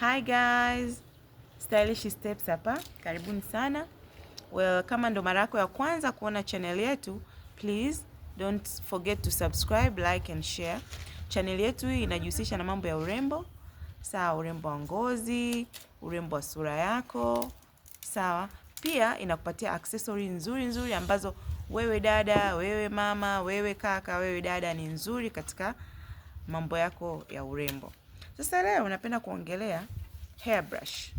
Hi guys, Stylish Steps hapa, karibuni sana. Well, kama ndo mara yako ya kwanza kuona channel yetu, please don't forget to subscribe, like and share. Channel yetu hii inajihusisha na mambo ya urembo, sawa, urembo wa ngozi, urembo wa sura yako, sawa. Pia inakupatia accessory nzuri nzuri ambazo wewe dada, wewe mama, wewe kaka, wewe dada, ni nzuri katika mambo yako ya urembo. Sasa leo napenda kuongelea hairbrush.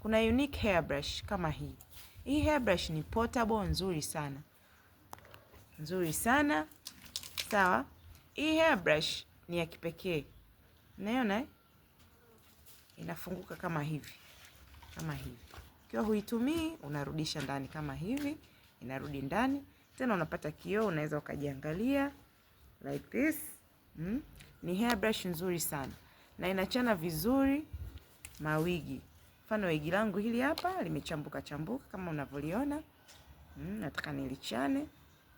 Kuna unique hairbrush kama hii. Hii hairbrush ni portable nzuri sana, nzuri sana sawa. Hii hairbrush ni ya kipekee, unaiona inafunguka kama hivi, kama hivi. Ukiwa huitumii unarudisha ndani kama hivi, inarudi ndani tena, unapata kioo, unaweza ukajiangalia like this. Mm? Ni hairbrush nzuri sana na inachana vizuri mawigi. Mfano wigi langu hili hapa limechambuka chambuka kama unavyoliona. Mm, nataka nilichane.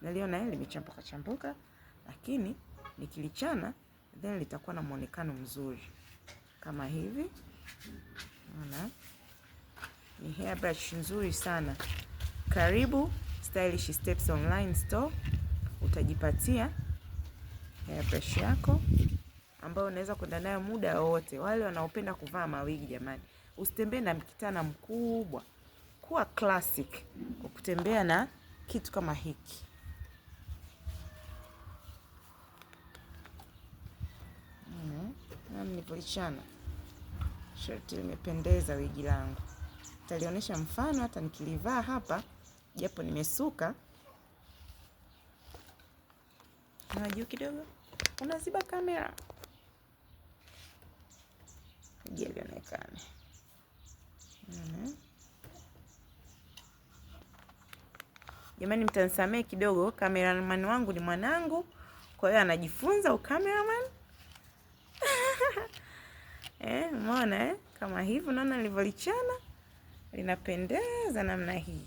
Naliona hili limechambuka chambuka, lakini nikilichana then litakuwa na muonekano mzuri kama hivi. Unaona? Ni hairbrush nzuri sana. Karibu Stylish Steps Online Store utajipatia hairbrush yako ambayo unaweza kwenda nayo muda wowote. Wale wanaopenda kuvaa mawigi, jamani, usitembee na mkitana mkubwa, kuwa classic kwa kutembea na kitu kama hiki. Mhm. Nilipoichana shati limependeza, wigi langu talionyesha mfano. Hata nikilivaa hapa, japo nimesuka na juu kidogo, unaziba kamera kuja lionekane. Mhm. Jamani, mtanisamee kidogo, kameraman wangu ni mwanangu, kwa hiyo anajifunza ukameraman eh, umeona eh? Kama hivi unaona nilivyolichana linapendeza namna hii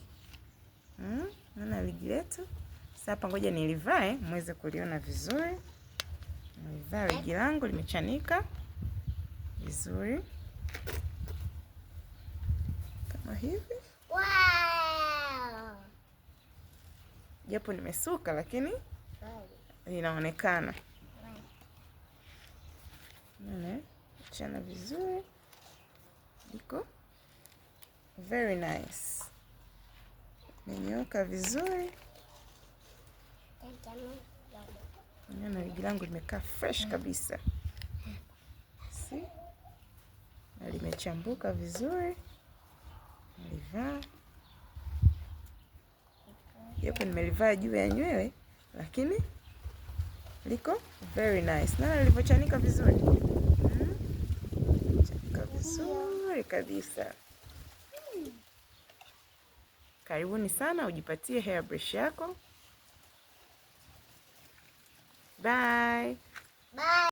hmm? Naona ligi letu sasa ngoja nilivae muweze kuliona vizuri. Nilivaa ligi langu limechanika vizuri kama hivi wow. Japo nimesuka lakini linaonekana wow. Chana vizuri liko very nice, menyoka vizuri na ligi langu limekaa fresh mm. kabisa limechambuka vizuri, nalivaa yope, nimelivaa juu ya nywele, lakini liko very nice. na lilivyochanika vizuri chanika vizuri kabisa. Karibuni sana, ujipatie hairbrush yako. Bye. Bye.